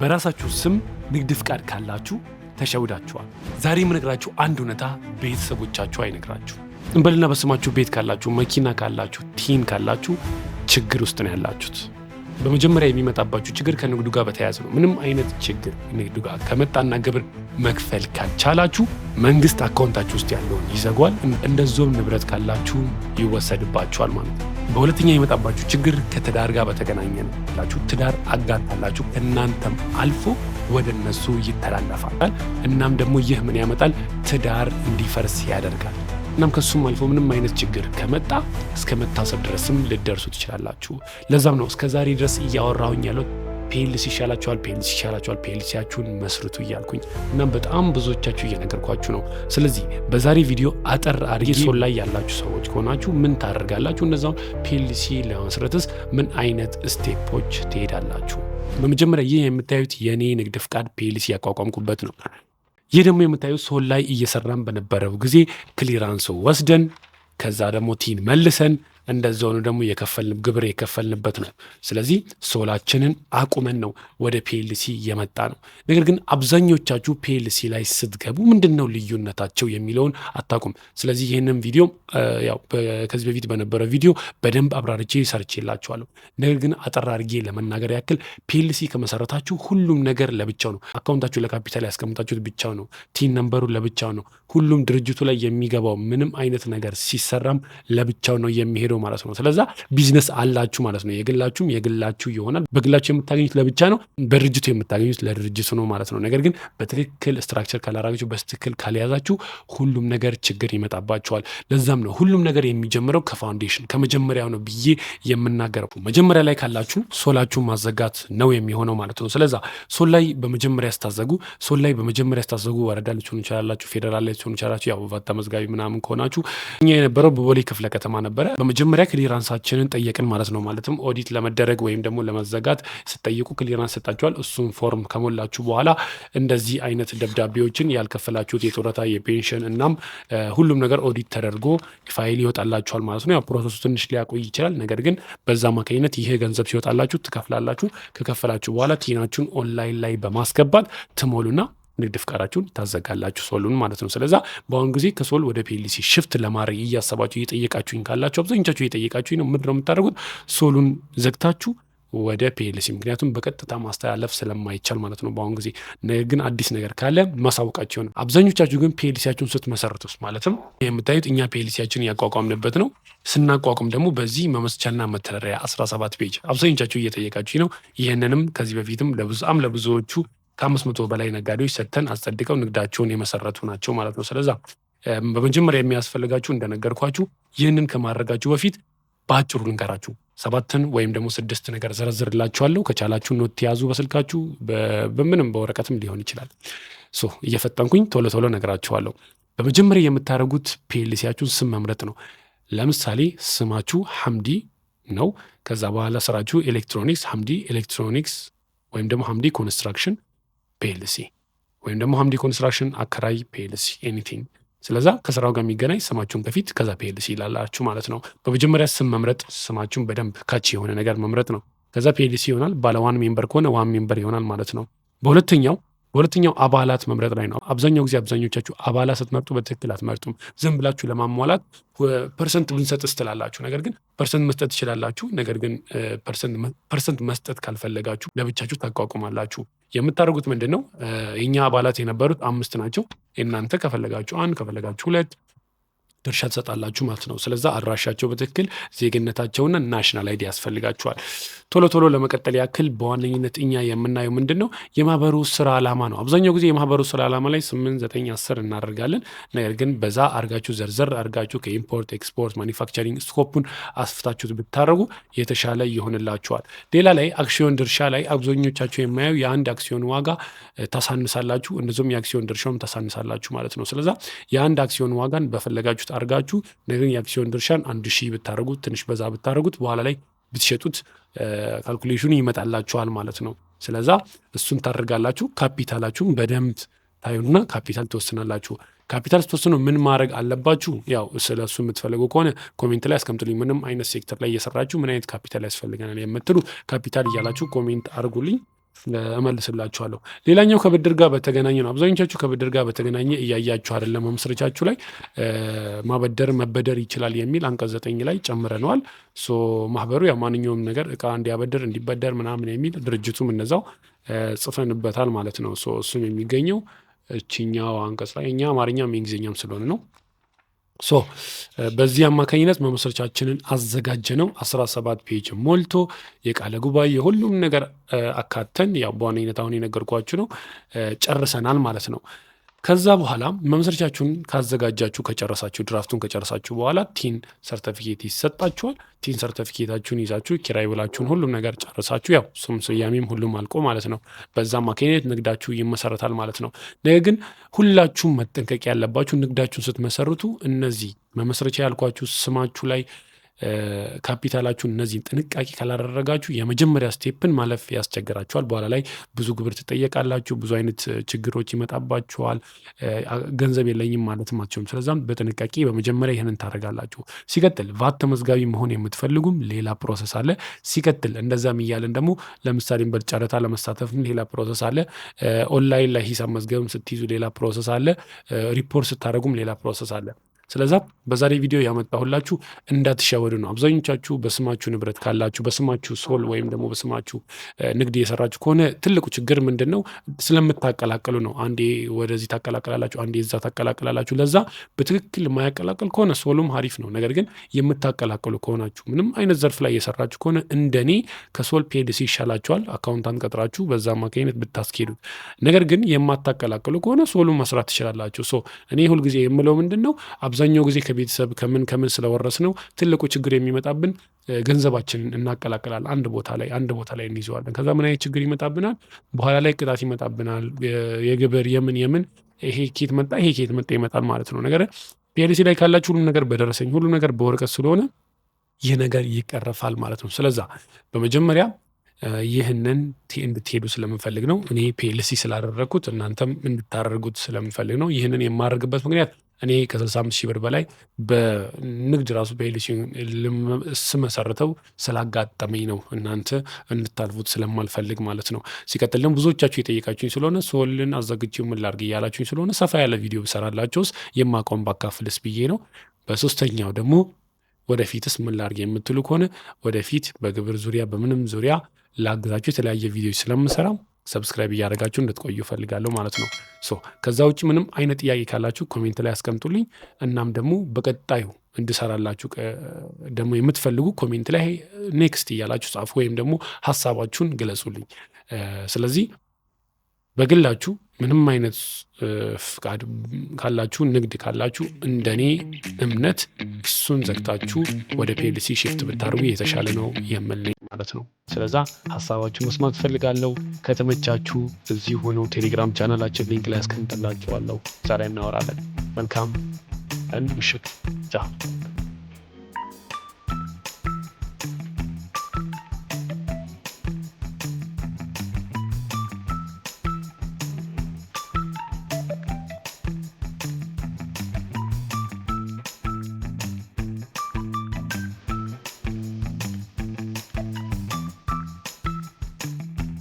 በራሳችሁ ስም ንግድ ፍቃድ ካላችሁ ተሸውዳችኋል። ዛሬ የምነግራችሁ አንድ እውነታ ቤተሰቦቻችሁ አይነግራችሁ። እንበልና በስማችሁ ቤት ካላችሁ፣ መኪና ካላችሁ፣ ቲን ካላችሁ ችግር ውስጥ ነው ያላችሁት። በመጀመሪያ የሚመጣባችሁ ችግር ከንግዱ ጋር በተያያዘ ነው። ምንም አይነት ችግር ንግዱ ጋር ከመጣና ግብር መክፈል ካልቻላችሁ መንግስት አካውንታችሁ ውስጥ ያለውን ይዘጓል። እንደዞም ንብረት ካላችሁ ይወሰድባችኋል ማለት ነው። በሁለተኛ የመጣባችሁ ችግር ከትዳር ጋር በተገናኘ ነው። ላችሁ ትዳር አጋጣላችሁ እናንተም አልፎ ወደ እነሱ ይተላለፋል። እናም ደግሞ ይህ ምን ያመጣል? ትዳር እንዲፈርስ ያደርጋል። እናም ከሱም አልፎ ምንም አይነት ችግር ከመጣ እስከ መታሰብ ድረስም ልደርሱ ትችላላችሁ። ለዛም ነው እስከዛሬ ድረስ እያወራሁኝ ያለው ፒኤልሲ ይሻላችኋል፣ ፒኤልሲ ይሻላችኋል፣ ፒኤልሲያችሁን መስርቱ እያልኩኝ እናም በጣም ብዙዎቻችሁ እየነገርኳችሁ ነው። ስለዚህ በዛሬ ቪዲዮ አጠር አድርጌ ሶል ላይ ያላችሁ ሰዎች ከሆናችሁ ምን ታደርጋላችሁ? እነዛውን ፒኤልሲ ለመስረትስ ምን አይነት ስቴፖች ትሄዳላችሁ? በመጀመሪያ ይህ የምታዩት የእኔ ንግድ ፍቃድ ፒኤልሲ ያቋቋምኩበት ነው። ይህ ደግሞ የምታዩት ሶል ላይ እየሰራን በነበረው ጊዜ ክሊራንስ ወስደን ከዛ ደግሞ ቲን መልሰን እንደዛው ደግሞ የከፈልን ግብር የከፈልንበት ነው። ስለዚህ ሶላችንን አቁመን ነው ወደ ፒኤልሲ የመጣ ነው። ነገር ግን አብዛኞቻችሁ ፒኤልሲ ላይ ስትገቡ ምንድን ነው ልዩነታቸው የሚለውን አታቁም ስለዚህ ይህንም ቪዲዮ ያው ከዚህ በፊት በነበረ ቪዲዮ በደንብ አብራርቼ ሰርቼላችኋለሁ። ነገር ግን አጠር አድርጌ ለመናገር ያክል ፒኤልሲ ከመሰረታችሁ ሁሉም ነገር ለብቻው ነው። አካውንታችሁ ለካፒታል ያስቀምጣችሁት ብቻው ነው። ቲን ነንበሩ ለብቻው ነው። ሁሉም ድርጅቱ ላይ የሚገባው ምንም አይነት ነገር ሲሰራም ለብቻው ነው የሚሄደው ማለት ነው። ስለዛ ቢዝነስ አላችሁ ማለት ነው። የግላችሁም የግላችሁ ይሆናል። በግላችሁ የምታገኙት ለብቻ ነው፣ በድርጅቱ የምታገኙት ለድርጅቱ ነው ማለት ነው። ነገር ግን በትክክል ስትራክቸር ካላራችሁ፣ በትክክል ካልያዛችሁ ሁሉም ነገር ችግር ይመጣባቸዋል። ለዛም ነው ሁሉም ነገር የሚጀምረው ከፋውንዴሽን ከመጀመሪያው ነው ብዬ የምናገረው። መጀመሪያ ላይ ካላችሁ ሶላችሁ ማዘጋት ነው የሚሆነው ማለት ነው። ስለዛ ሶል ላይ በመጀመሪያ ስታዘጉ ሶል ላይ በመጀመሪያ ስታዘጉ ወረዳ ልትሆኑ ይችላላችሁ፣ ፌዴራል ላይ ልትሆኑ ይችላላችሁ። ያው ተመዝጋቢ ምናምን ከሆናችሁ እኛ የነበረው በቦሌ ክፍለ ከተማ ነበረ። መጀመሪያ ክሊራንሳችንን ጠየቅን ማለት ነው። ማለትም ኦዲት ለመደረግ ወይም ደግሞ ለመዘጋት ስጠይቁ ክሊራንስ ሰጣችኋል። እሱን ፎርም ከሞላችሁ በኋላ እንደዚህ አይነት ደብዳቤዎችን ያልከፈላችሁት የጡረታ የፔንሽን እናም ሁሉም ነገር ኦዲት ተደርጎ ፋይል ይወጣላችኋል ማለት ነው። ያው ፕሮሰሱ ትንሽ ሊያቆይ ይችላል። ነገር ግን በዛ አማካኝነት ይሄ ገንዘብ ሲወጣላችሁ ትከፍላላችሁ። ከከፈላችሁ በኋላ ቲናችሁን ኦንላይን ላይ በማስገባት ትሞሉና ንግድ ፍቃዳችሁን ታዘጋላችሁ ሶሉን ማለት ነው። ስለዛ በአሁኑ ጊዜ ከሶል ወደ ፒኤልሲ ሽፍት ለማድረግ እያሰባችሁ እየጠየቃችሁኝ ካላችሁ አብዛኞቻችሁ እየጠየቃችሁ ነው። ምንድነው የምታደርጉት? ሶሉን ዘግታችሁ ወደ ፒኤልሲ ምክንያቱም በቀጥታ ማስተላለፍ ስለማይቻል ማለት ነው። በአሁኑ ጊዜ ነገር ግን አዲስ ነገር ካለ ማሳወቃችሁ ይሆናል። አብዛኞቻችሁ ግን ፒኤልሲያችሁን ስትመሰርቱስ ማለትም የምታዩት እኛ ፒኤልሲያችንን እያቋቋምንበት ነው። ስናቋቁም ደግሞ በዚህ መመስቻና መተዳደሪያ 17 ፔጅ አብዛኞቻችሁ እየጠየቃችሁ ነው። ይህንንም ከዚህ በፊትም ለብዙም ለብዙዎቹ ከአምስት መቶ በላይ ነጋዴዎች ሰጥተን አስጸድቀው ንግዳቸውን የመሰረቱ ናቸው ማለት ነው። ስለዛ በመጀመሪያ የሚያስፈልጋችሁ እንደነገርኳችሁ ይህንን ከማድረጋችሁ በፊት በአጭሩ ልንገራችሁ። ሰባትን ወይም ደግሞ ስድስት ነገር ዘረዝርላችኋለሁ። ከቻላችሁ ኖት ያዙ በስልካችሁ፣ በምንም በወረቀትም ሊሆን ይችላል። ሶ እየፈጠንኩኝ ቶሎ ቶሎ ነገራችኋለሁ። በመጀመሪያ የምታደርጉት ፒኤልሲያችሁን ስም መምረጥ ነው። ለምሳሌ ስማችሁ ሐምዲ ነው። ከዛ በኋላ ስራችሁ ኤሌክትሮኒክስ ሐምዲ ኤሌክትሮኒክስ ወይም ደግሞ ሐምዲ ኮንስትራክሽን ፒኤልሲ ወይም ደግሞ ሀምዲ ኮንስትራክሽን አከራይ ፒኤልሲ ኤኒቲንግ ስለዛ ከስራው ጋር የሚገናኝ ስማችሁን በፊት ከዛ ፒኤልሲ ይላላችሁ ማለት ነው። በመጀመሪያ ስም መምረጥ ስማችሁን በደንብ ካች የሆነ ነገር መምረጥ ነው። ከዛ ፒኤልሲ ይሆናል። ባለ ዋን ሜምበር ከሆነ ዋን ሜምበር ይሆናል ማለት ነው። በሁለተኛው በሁለተኛው አባላት መምረጥ ላይ ነው። አብዛኛው ጊዜ አብዛኞቻችሁ አባላት ስትመርጡ በትክክል አትመርጡም። ዝም ብላችሁ ለማሟላት ፐርሰንት ብንሰጥ ስትላላችሁ፣ ነገር ግን ፐርሰንት መስጠት ትችላላችሁ። ነገር ግን ፐርሰንት መስጠት ካልፈለጋችሁ ለብቻችሁ ታቋቁማላችሁ። የምታደርጉት ምንድን ነው? የእኛ አባላት የነበሩት አምስት ናቸው። እናንተ ከፈለጋችሁ አንድ ከፈለጋችሁ ሁለት ድርሻ ትሰጣላችሁ ማለት ነው። ስለዛ አድራሻቸው በትክክል ዜግነታቸውና ናሽናል አይዲ ያስፈልጋችኋል። ቶሎ ቶሎ ለመቀጠል ያክል በዋነኝነት እኛ የምናየው ምንድን ነው የማህበሩ ስራ ዓላማ ነው። አብዛኛው ጊዜ የማህበሩ ስራ ዓላማ ላይ ስምንት ዘጠኝ አስር እናደርጋለን። ነገር ግን በዛ አርጋችሁ ዘርዘር አርጋችሁ ከኢምፖርት ኤክስፖርት፣ ማኒፋክቸሪንግ ስኮፑን አስፍታችሁት ብታደረጉ የተሻለ ይሆንላችኋል። ሌላ ላይ አክሲዮን ድርሻ ላይ አብዛኞቻቸው የማየው የአንድ አክሲዮን ዋጋ ታሳንሳላችሁ፣ እንደዚሁም የአክሲዮን ድርሻውም ታሳንሳላችሁ ማለት ነው። ስለዛ የአንድ አክሲዮን ዋጋን በፈለጋችሁ ውስጥ አድርጋችሁ ነገ የአክሲዮን ድርሻን አንድ ሺህ ብታደረጉት ትንሽ በዛ ብታደረጉት በኋላ ላይ ብትሸጡት ካልኩሌሽኑ ይመጣላችኋል ማለት ነው። ስለዛ እሱን ታደርጋላችሁ። ካፒታላችሁም በደንብ ታዩና ካፒታል ትወስናላችሁ። ካፒታል ስትወስኑ ምን ማድረግ አለባችሁ? ያው ስለ እሱ የምትፈልገው ከሆነ ኮሜንት ላይ አስቀምጡልኝ። ምንም አይነት ሴክተር ላይ እየሰራችሁ ምን አይነት ካፒታል ያስፈልገናል የምትሉ ካፒታል እያላችሁ ኮሜንት አድርጉልኝ። እመልስላችኋለሁ። ሌላኛው ከብድር ጋር በተገናኘ ነው። አብዛኞቻችሁ ከብድር ጋር በተገናኘ እያያችሁ አይደለም። መመስረቻችሁ ላይ ማበደር መበደር ይችላል የሚል አንቀጽ ዘጠኝ ላይ ጨምረነዋል። ሶ ማህበሩ ያ ማንኛውም ነገር እቃ እንዲያበድር እንዲበደር ምናምን የሚል ድርጅቱም እነዛው ጽፈንበታል ማለት ነው። እሱም የሚገኘው እችኛው አንቀጽ ላይ እኛ አማርኛም የእንግሊዝኛም ስለሆነ ነው። ሶ በዚህ አማካኝነት መመስረቻችንን አዘጋጀ ነው። 17 ፔጅ ሞልቶ የቃለ ጉባኤ የሁሉም ነገር አካተን ያው በዋነኝነት አሁን የነገርኳችሁ ነው ጨርሰናል ማለት ነው። ከዛ በኋላ መመስረቻችሁን ካዘጋጃችሁ ከጨረሳችሁ ድራፍቱን ከጨረሳችሁ በኋላ ቲን ሰርተፊኬት ይሰጣችኋል። ቲን ሰርተፊኬታችሁን ይዛችሁ ኪራይ ብላችሁን ሁሉም ነገር ጨረሳችሁ፣ ያው እሱም ስያሜም ሁሉም አልቆ ማለት ነው። በዛም አካሄድ ንግዳችሁ ይመሰረታል ማለት ነው። ነገር ግን ሁላችሁም መጠንቀቅ ያለባችሁ ንግዳችሁን ስትመሰርቱ እነዚህ መመስረቻ ያልኳችሁ ስማችሁ ላይ ካፒታላችሁን እነዚህን ጥንቃቄ ካላደረጋችሁ የመጀመሪያ ስቴፕን ማለፍ ያስቸግራችኋል። በኋላ ላይ ብዙ ግብር ትጠየቃላችሁ፣ ብዙ አይነት ችግሮች ይመጣባችኋል። ገንዘብ የለኝም ማለት አትችሉም። ስለዛም በጥንቃቄ በመጀመሪያ ይህንን ታደርጋላችሁ። ሲቀጥል ቫት ተመዝጋቢ መሆን የምትፈልጉም ሌላ ፕሮሰስ አለ። ሲቀጥል እንደዛም እያለን ደግሞ ለምሳሌ በጨረታ ለመሳተፍ ሌላ ፕሮሰስ አለ። ኦንላይን ላይ ሂሳብ መዝገብም ስትይዙ ሌላ ፕሮሰስ አለ። ሪፖርት ስታደረጉም ሌላ ፕሮሰስ አለ። ስለዛ በዛሬ ቪዲዮ ያመጣሁላችሁ እንዳትሸወዱ ነው። አብዛኞቻችሁ በስማችሁ ንብረት ካላችሁ በስማችሁ ሶል ወይም ደግሞ በስማችሁ ንግድ እየሰራችሁ ከሆነ ትልቁ ችግር ምንድን ነው? ስለምታቀላቀሉ ነው። አንዴ ወደዚህ ታቀላቀላላችሁ፣ አንዴ እዛ ታቀላቀላላችሁ። ለዛ በትክክል የማያቀላቀል ከሆነ ሶሉም አሪፍ ነው። ነገር ግን የምታቀላቀሉ ከሆናችሁ ምንም አይነት ዘርፍ ላይ የሰራችሁ ከሆነ እንደኔ ከሶል ፒኤልሲ ይሻላችኋል። አካውንታንት ቀጥራችሁ በዛ አማካኝነት ብታስኬዱት። ነገር ግን የማታቀላቀሉ ከሆነ ሶሉም መስራት ትችላላችሁ። እኔ ሁልጊዜ የምለው ምንድን ነው አብዛኛው ጊዜ ከቤተሰብ ከምን ከምን ስለወረስ ነው ትልቁ ችግር የሚመጣብን ገንዘባችንን እናቀላቅላል። አንድ ቦታ ላይ አንድ ቦታ ላይ እንይዘዋለን። ከዛ ምን አይነት ችግር ይመጣብናል? በኋላ ላይ ቅጣት ይመጣብናል። የግብር የምን የምን ይሄ ኬት መጣ ይሄ ኬት መጣ ይመጣል ማለት ነው። ነገር ፒኤልሲ ላይ ካላችሁ ሁሉም ነገር በደረሰኝ ሁሉም ነገር በወረቀት ስለሆነ ይህ ነገር ይቀረፋል ማለት ነው። ስለዛ በመጀመሪያ ይህንን እንድትሄዱ ስለምንፈልግ ነው። እኔ ፒኤልሲ ስላደረግኩት እናንተም እንድታደርጉት ስለምንፈልግ ነው። ይህንን የማደርግበት ምክንያት እኔ ከ65 ሺህ ብር በላይ በንግድ ራሱ በሄልሲ ስመሰርተው ስላጋጠመኝ ነው እናንተ እንድታልፉት ስለማልፈልግ ማለት ነው። ሲቀጥል ደግሞ ብዙዎቻችሁ የጠየቃችሁኝ ስለሆነ ሶልን አዘግጅ ምን ላድርግ እያላችሁኝ ስለሆነ ሰፋ ያለ ቪዲዮ ብሰራላችሁስ የማቋም ባካፍልስ ብዬ ነው። በሶስተኛው ደግሞ ወደፊትስ ምን ላድርግ የምትሉ ከሆነ ወደፊት በግብር ዙሪያ በምንም ዙሪያ ላግዛችሁ የተለያየ ቪዲዮ ስለምሰራም ሰብስክራይብ እያደረጋችሁ እንድትቆዩ እፈልጋለሁ ማለት ነው። ሶ ከዛ ውጭ ምንም አይነት ጥያቄ ካላችሁ ኮሜንት ላይ አስቀምጡልኝ እናም ደግሞ በቀጣዩ እንድሰራላችሁ ደግሞ የምትፈልጉ ኮሜንት ላይ ኔክስት እያላችሁ ጻፉ፣ ወይም ደግሞ ሀሳባችሁን ግለጹልኝ። ስለዚህ በግላችሁ ምንም አይነት ፍቃድ ካላችሁ፣ ንግድ ካላችሁ እንደኔ እምነት እሱን ዘግታችሁ ወደ ፒኤልሲ ሽፍት ብታደርጉ የተሻለ ነው የምልኝ ማለት ነው። ስለዛ ሀሳባችሁን መስማት ፈልጋለሁ። ከተመቻችሁ እዚህ ሆነው ቴሌግራም ቻናላችን ሊንክ ላይ ያስቀምጥላችኋለሁ። ዛሬ እናወራለን። መልካም ምሽት ጃ